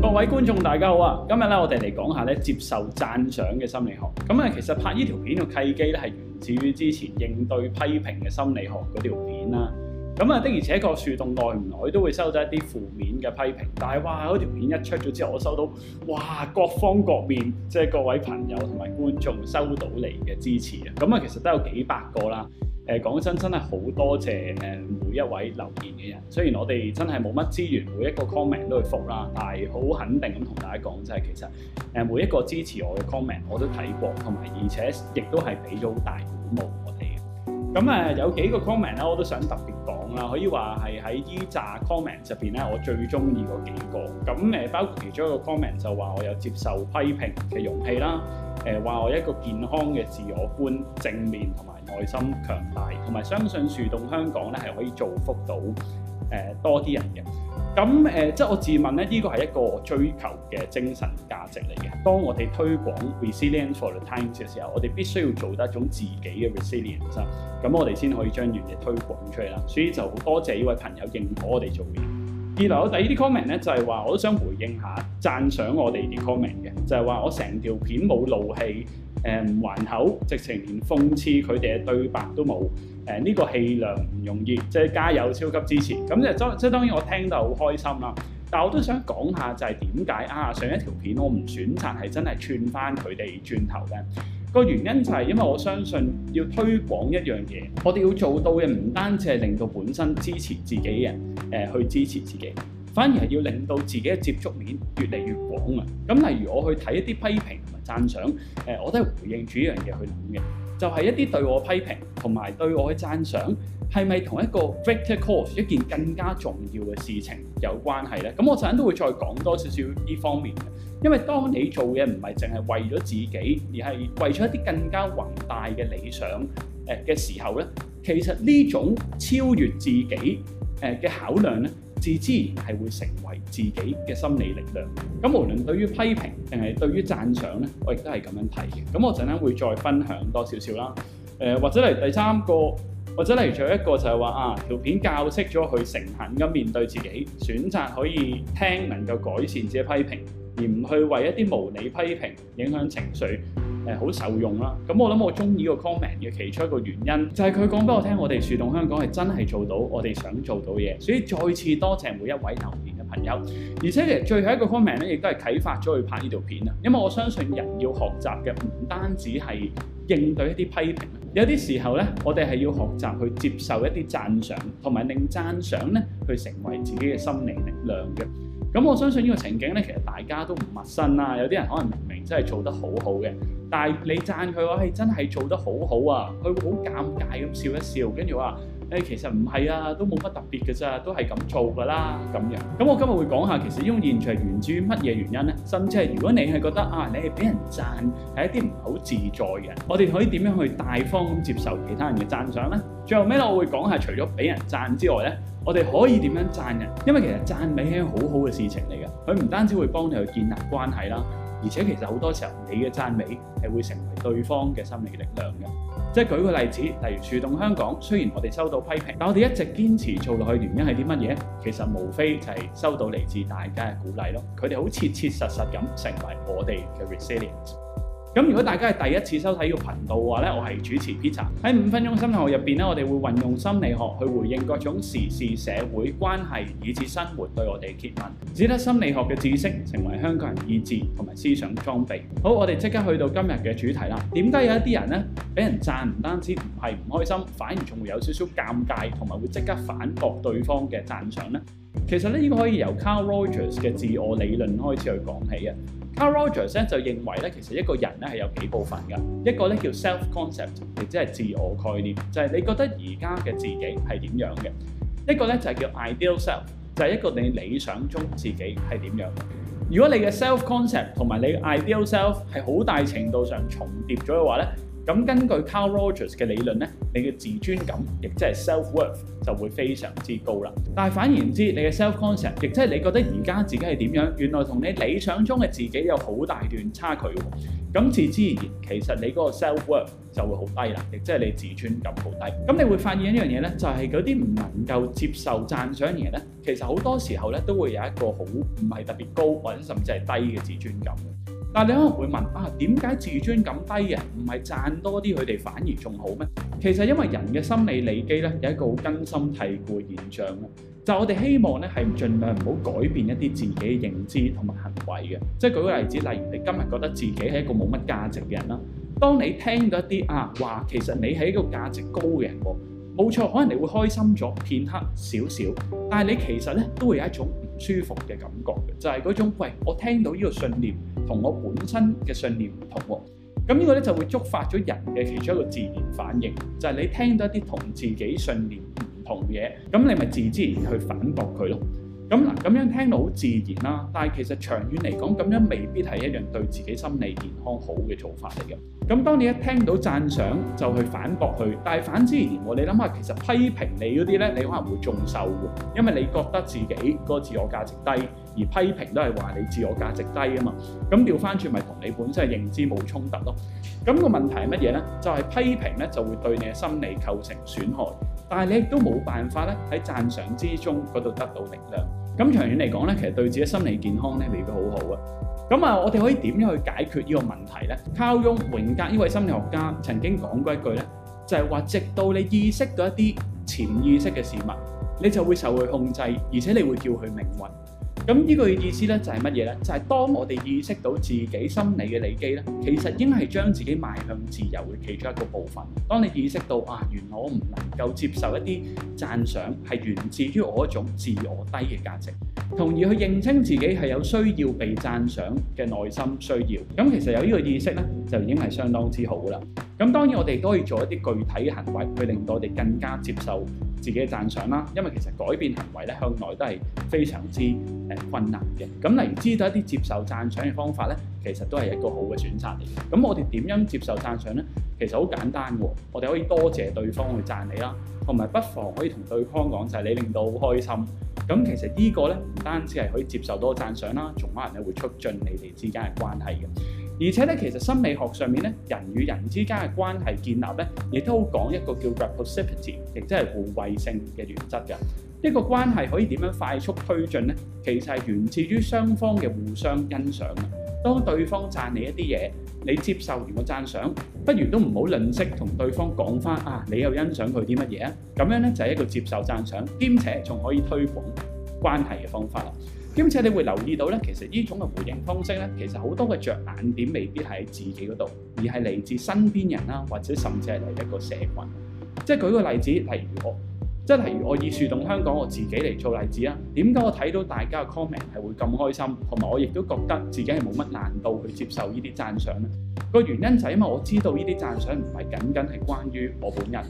各位觀眾，大家好啊！今日咧，我哋嚟講下咧接受讚賞嘅心理學。咁啊，其實拍呢條片嘅契機咧，係源自於之前應對批評嘅心理學嗰條片啦。咁啊，的而且確樹洞耐唔耐都會收到一啲負面嘅批評，但係哇，嗰條片一出咗之後，我收到哇各方各面，即係各位朋友同埋觀眾收到你嘅支持啊！咁啊，其實都有幾百個啦。誒講真，真係好多謝誒每一位留言嘅人。雖然我哋真係冇乜資源，每一個 comment 都會覆啦，但係好肯定咁同大家講，就係其實誒每一個支持我嘅 comment 我都睇過，同埋而且亦都係俾咗好大鼓舞我哋。咁誒有幾個 comment 咧，我都想特別講啦。可以話係喺呢扎 comment 入邊咧，我最中意嗰幾個。咁誒包括其中一個 comment 就話我有接受批評嘅容器啦，誒話我一個健康嘅自我觀，正面同埋，內心強大，同埋相信樹洞香港咧係可以造福到誒、呃、多啲人嘅。咁誒、呃，即係我自問咧，呢個係一個追求嘅精神價值嚟嘅。當我哋推廣 Resilience for the Times 嘅時候，我哋必須要做得一種自己嘅 resilience 咁，Res 我哋先可以將原嘅推廣出去啦。所以就好多謝呢位朋友認可我哋做嘢。二來第二啲 comment 咧就係話，我都想回應下讚賞我哋啲 comment 嘅，就係、是、話我成條片冇怒氣。誒唔還口，直情連諷刺佢哋嘅對白都冇。誒呢個氣量唔容易，即係加油，超級支持。咁即係當即係當然，我聽到好開心啦。但我都想講下就係點解啊？上一條片我唔選擇係真係串翻佢哋轉頭嘅個原因就係因為我相信要推廣一樣嘢，我哋要做到嘅唔單止係令到本身支持自己嘅人誒去支持自己，反而係要令到自己嘅接觸面越嚟越廣啊。咁例如我去睇一啲批評。讚賞，誒，我都係回應住呢一樣嘢去諗嘅，就係一啲對我批評同埋對我嘅讚賞，係咪同一個 vector course 一件更加重要嘅事情有關係咧？咁我陣間都會再講多少少呢方面嘅，因為當你做嘢唔係淨係為咗自己，而係為咗一啲更加宏大嘅理想誒嘅時候咧，其實呢種超越自己誒嘅考量咧。自然係會成為自己嘅心理力量。咁無論對於批評定係對於讚賞咧，我亦都係咁樣睇嘅。咁我陣間會再分享多少少啦。誒、呃、或者嚟第三個，或者嚟仲有一個就係話啊，條片教識咗佢誠懇咁面對自己，選擇可以聽能夠改善自己批評，而唔去為一啲無理批評影響情緒。好受用啦，咁我諗我中意個 comment 嘅其中一個原因，就係佢講俾我聽，我哋樹洞香港係真係做到我哋想做到嘢，所以再次多謝每一位留言嘅朋友。而且其實最後一個 comment 咧，亦都係啟發咗去拍呢條片啊，因為我相信人要學習嘅唔單止係應對一啲批評，有啲時候咧，我哋係要學習去接受一啲讚賞，同埋令讚賞咧，去成為自己嘅心理力量嘅。咁我相信呢個情景咧，其實大家都唔陌生啦、啊。有啲人可能明明真係做得好好嘅，但係你讚佢話，係真係做得好好啊！佢會好尷尬咁笑一笑，跟住話，誒、哎、其實唔係啊，都冇乜特別嘅咋，都係咁做㗎啦。咁樣。咁我今日會講下，其實呢種現象源自於乜嘢原因咧？甚至係如果你係覺得啊，你係俾人讚係一啲唔好自在嘅，我哋可以點樣去大方咁接受其他人嘅讚賞咧？最後尾，我會講下除咗俾人讚之外咧。我哋可以點樣讚人？因為其實讚美係好好嘅事情嚟嘅。佢唔單止會幫你去建立關係啦，而且其實好多時候你嘅讚美係會成為對方嘅心理力量嘅。即係舉個例子，例如樹洞香港，雖然我哋收到批評，但我哋一直堅持做落去嘅原因係啲乜嘢？其實無非就係收到嚟自大家嘅鼓勵咯。佢哋好切切實實咁成為我哋嘅 resilience。咁如果大家係第一次收睇呢個頻道嘅話呢，我係主持 Peter。喺五分鐘心理學入邊呢，我哋會運用心理學去回應各種時事、社會關係以至生活對我哋嘅詰問，使得心理學嘅知識成為香港人意志同埋思想裝備。好，我哋即刻去到今日嘅主題啦。點解有一啲人呢，俾人讚唔單止唔係唔開心，反而仲會有少少尷尬，同埋會即刻反駁對方嘅讚賞呢？其實呢個可以由 Carl Rogers 嘅自我理論開始去講起啊。Carl Rogers 咧就認為咧，其實一個人咧係有幾部分噶，一個咧叫 self concept，亦即係自我概念，就係、是、你覺得而家嘅自己係點樣嘅。一個咧就係叫 ideal self，就係一個你理想中自己係點樣。如果你嘅 self concept 同埋你嘅 ideal self 係好大程度上重疊咗嘅話咧。咁根據 Carl Rogers 嘅理論咧，你嘅自尊感亦即係 self worth 就會非常之高啦。但係反而言之，你嘅 self concept 亦即係你覺得而家自己係點樣，原來同你理想中嘅自己有好大段差距喎、哦。咁自之而言，其實你嗰個 self worth 就會好低啦，亦即係你自尊感好低。咁你會發現一樣嘢咧，就係嗰啲唔能夠接受讚賞嘅人咧，其實好多時候咧都會有一個好唔係特別高或者甚至係低嘅自尊感。但你可能會問啊，點解自尊感低嘅人唔係讚多啲佢哋，反而仲好咩？其實因為人嘅心理利基咧，有一個好根深蒂固嘅現象。就我哋希望咧係盡量唔好改變一啲自己嘅認知同埋行為嘅。即係舉個例子，例如你今日覺得自己係一個冇乜價值嘅人啦，當你聽到一啲啊話，其實你係一個價值高嘅人，冇錯，可能你會開心咗片刻少少，但係你其實咧都會有一種唔舒服嘅感覺嘅，就係、是、嗰種喂，我聽到呢個信念。同我本身嘅信念唔同喎、哦，咁呢個就會觸發咗人嘅其中一個自然反應，就係、是、你聽到一啲同自己信念唔同嘅嘢，咁你咪自自然去反駁佢咯。咁嗱，咁樣聽到好自然啦，但係其實長遠嚟講，咁樣未必係一樣對自己心理健康好嘅做法嚟嘅。咁當你一聽到讚賞就去反駁佢，但係反之而然，你諗下其實批評你嗰啲咧，你可能會中受喎，因為你覺得自己個自我價值低，而批評都係話你自我價值低啊嘛。咁調翻轉咪同你本身嘅認知冇衝突咯。咁個問題係乜嘢咧？就係批評咧就會對你嘅心理構成損害，但係你亦都冇辦法咧喺讚賞之中嗰度得到力量。咁長遠嚟講咧，其實對自己心理健康咧未必好好啊。咁啊，我哋可以點樣去解決呢個問題咧？卡爾榮格呢位心理學家曾經講過一句咧，就係話：直到你意識到一啲潛意識嘅事物，你就會受佢控制，而且你會叫佢命運。咁呢句意思咧就係乜嘢咧？就係，是，當我哋意識到自己心理嘅理機咧，其實應係將自己邁向自由嘅其中一個部分。當你意識到啊，原來我唔能夠接受一啲讚賞係源自於我一種自我低嘅價值，同而去認清自己係有需要被讚賞嘅內心需要。咁、嗯、其實有呢個意識咧，就已經係相當之好噶啦。咁當然我哋都可以做一啲具體嘅行為，去令到我哋更加接受自己嘅讚賞啦。因為其實改變行為咧向來都係非常之誒困難嘅。咁例如知道一啲接受讚賞嘅方法咧，其實都係一個好嘅選擇嚟嘅。咁我哋點樣接受讚賞咧？其實好簡單喎。我哋可以多謝對方去讚你啦，同埋不妨可以同對方講就係你令到好開心。咁其實個呢個咧唔單止係可以接受到讚賞啦，仲可能咧會促進你哋之間嘅關係嘅。而且咧，其實心理學上面咧，人與人之間嘅關係建立咧，亦都講一個叫 reciprocity，亦即係互惠性嘅原則嘅。一個關係可以點樣快速推進咧？其實係源自於雙方嘅互相欣賞。當對方讚你一啲嘢，你接受完個讚賞，不如都唔好吝惜同對方講翻啊，你又欣賞佢啲乜嘢啊？咁樣咧就係、是、一個接受讚賞兼且仲可以推廣關係嘅方法。兼且你會留意到咧，其實呢種嘅回應方式咧，其實好多嘅着眼點未必係喺自己嗰度，而係嚟自身邊人啦，或者甚至係嚟一個社群。即係舉個例子，例如我，即係例如我以樹洞香港我自己嚟做例子啊。點解我睇到大家嘅 comment 係會咁開心，同埋我亦都覺得自己係冇乜難度去接受呢啲讚賞呢？個原因就係因為我知道呢啲讚賞唔係僅僅係關於我本人，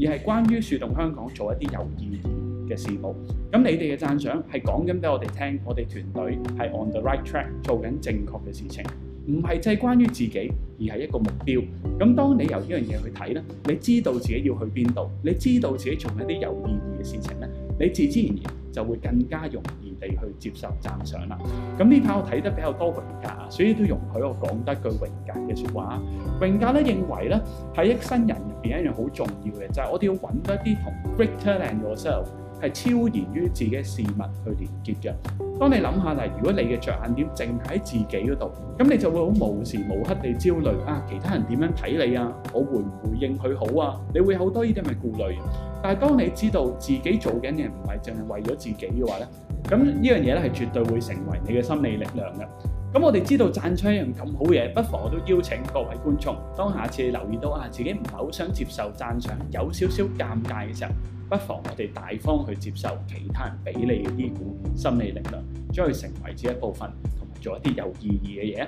而係關於樹洞香港做一啲有意義嘅事務，咁你哋嘅讚賞係講緊俾我哋聽，我哋團隊係 on the right track 做緊正確嘅事情，唔係就係關於自己，而係一個目標。咁當你由呢樣嘢去睇咧，你知道自己要去邊度，你知道自己做一啲有意義嘅事情咧，你自自然然就會更加容易地去接受讚賞啦。咁呢排我睇得比較多榮格啊，所以都容許我講得句榮格嘅説話。榮格咧認為咧，喺一生人入面一樣好重要嘅就係、是、我哋要揾多啲同 greater than yourself。係超然於自己事物去連結嘅。當你諗下嚟，如果你嘅着眼點淨喺自己嗰度，咁你就會好無時無刻地焦慮啊！其他人點樣睇你啊？我回唔回應佢好啊？你會好多呢啲咪顧慮。但係當你知道自己做緊嘅唔係淨係為咗自己嘅話咧，咁呢樣嘢咧係絕對會成為你嘅心理力量嘅。咁我哋知道讚賞一樣咁好嘢，不妨我都邀請各位觀眾，當下次你留意到啊自己唔係好想接受讚賞，有少少尷尬嘅時候，不妨我哋大方去接受其他人俾你嘅呢股心理力量，將佢成為自己一部分，同埋做一啲有意義嘅嘢。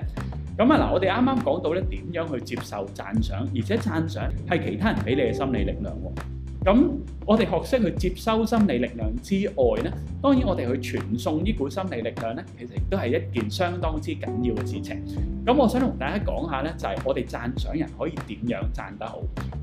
咁啊嗱，我哋啱啱講到咧點樣去接受讚賞，而且讚賞係其他人俾你嘅心理力量。咁我哋學識去接收心理力量之外咧，當然我哋去傳送呢股心理力量咧，其實亦都係一件相當之緊要嘅事情。咁我想同大家講下咧，就係我哋讚賞人可以點樣讚得好。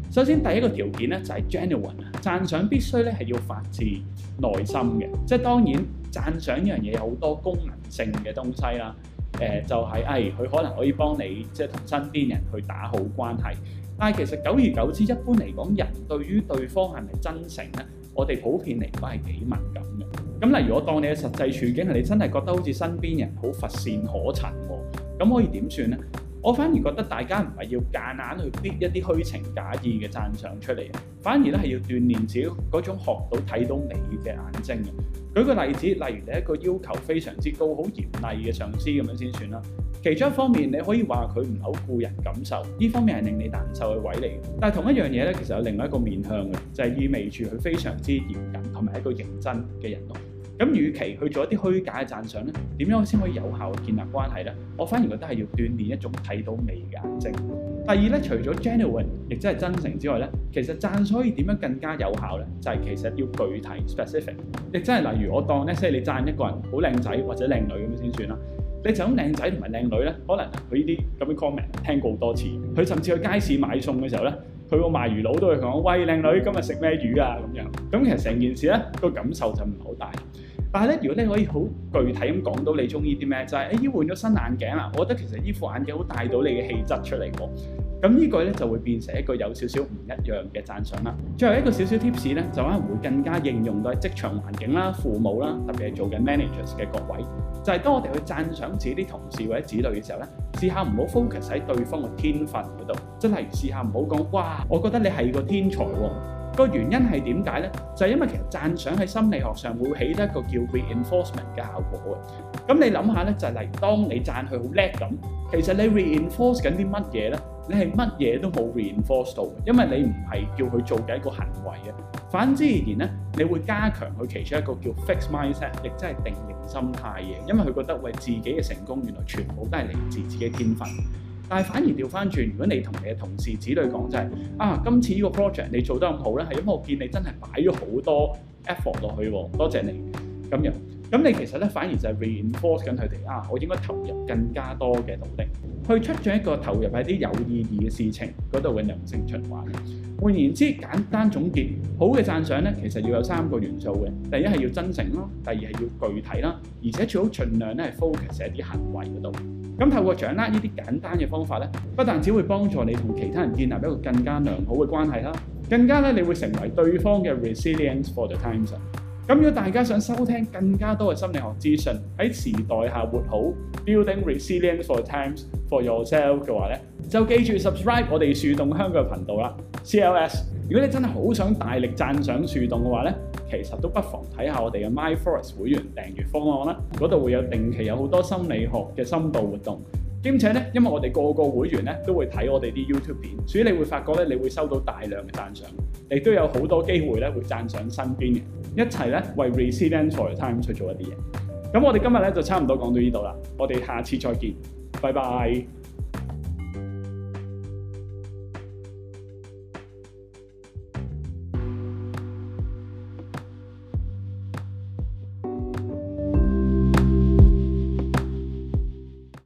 首先第一個條件咧，就係 genuine，讚賞必須咧係要發自內心嘅。即係當然讚賞呢樣嘢有好多功能性嘅東西啦。誒就係誒，佢可能可以幫你即係同身邊人去打好關係。但係其實久而久之，一般嚟講，人對於對方係咪真誠呢？我哋普遍嚟講係幾敏感嘅。咁例如我當你嘅實際處境，係你真係覺得好似身邊人好乏善可陳喎，咁可以點算呢？我反而覺得大家唔係要夾硬，硬去逼一啲虛情假意嘅讚賞出嚟，反而咧係要鍛鍊自己嗰種學到睇到你嘅眼睛。舉個例子，例如你一個要求非常之高、好嚴厲嘅上司咁樣先算啦。其中一方面你可以話佢唔好顧人感受，呢方面係令你難受嘅位嚟。但係同一樣嘢咧，其實有另外一個面向嘅，就係、是、意味住佢非常之嚴謹同埋一個認真嘅人。咁，與其去做一啲虛假嘅讚賞咧，點樣先可以有效建立關係咧？我反而覺得係要鍛鍊一種睇到美嘅眼睛。第二咧，除咗 genuine，亦即係真誠之外咧，其實讚賞可以點樣更加有效咧？就係、是、其實要具體 specific，亦即係例如我當咧，即、就、係、是、你讚一個人好靚仔或者靚女咁先算啦。你就咁靚仔同埋靚女咧，可能佢呢啲咁嘅 comment 聽過好多次，佢甚至去街市買餸嘅時候咧，佢個賣魚佬都會講：喂，靚女，今日食咩魚啊？咁樣咁其實成件事咧個感受就唔係好大。但係咧，如果你可以好具體咁講到你中意啲咩，就係誒依換咗新眼鏡啦，我覺得其實呢副眼鏡好帶到你嘅氣質出嚟喎。咁、哦、呢句咧就會變成一個有少少唔一樣嘅讚賞啦。最後一個少少 tips 咧，就可能會更加應用到喺職場環境啦、父母啦，特別係做緊 managers 嘅各位，就係、是、當我哋去讚賞自己啲同事或者子女嘅時候咧，試下唔好 focus 喺對方嘅天分嗰度，真係試下唔好講哇，我覺得你係個天才喎、哦。個原因係點解呢？就係因為其實讚賞喺心理學上會起到一個叫 reinforcement 嘅效果嘅。咁你諗下呢，就係當你讚佢好叻咁，其實你 reinforce 緊啲乜嘢呢？你係乜嘢都冇 reinforce 到嘅，因為你唔係叫佢做緊一個行為嘅。反之而言呢，你會加強佢其中一個叫 fixed mindset，亦即係定型心態嘅，因為佢覺得為自己嘅成功，原來全部都係嚟自自己天分。但係反而調翻轉，如果你同你嘅同事、子女講就係：啊，今次呢個 project 你做得咁好咧，係因為我見你真係擺咗好多 effort 落去喎，多謝你咁樣。咁你其實咧反而就係 reinforce 緊佢哋啊，我應該投入更加多嘅努力去出咗一個投入喺啲有意義嘅事情嗰度嘅良性循環。換言之，簡單總結，好嘅讚賞咧，其實要有三個元素嘅，第一係要真誠啦，第二係要具體啦，而且最好儘量咧係 focus 喺啲行為嗰度。咁透過掌握呢啲簡單嘅方法咧，不但只會幫助你同其他人建立一個更加良好嘅關係啦，更加咧你會成為對方嘅 resilience for the times。咁如果大家想收聽更加多嘅心理學資訊，喺時代下活好，building resilience for times for yourself 嘅話咧，就記住 subscribe 我哋樹洞香港頻道啦。CLS，如果你真係好想大力讚賞樹洞嘅話咧，其實都不妨睇下我哋嘅 MindForest 會員訂閱方案啦，嗰度會有定期有好多心理學嘅深度活動，兼且咧，因為我哋個個會員咧都會睇我哋啲 YouTube 片，所以你會發覺咧，你會收到大量嘅讚賞，亦都有好多機會咧會讚賞身邊嘅，一齊咧為 Resilience for the Times 去做一啲嘢。咁我哋今日咧就差唔多講到呢度啦，我哋下次再見，拜拜。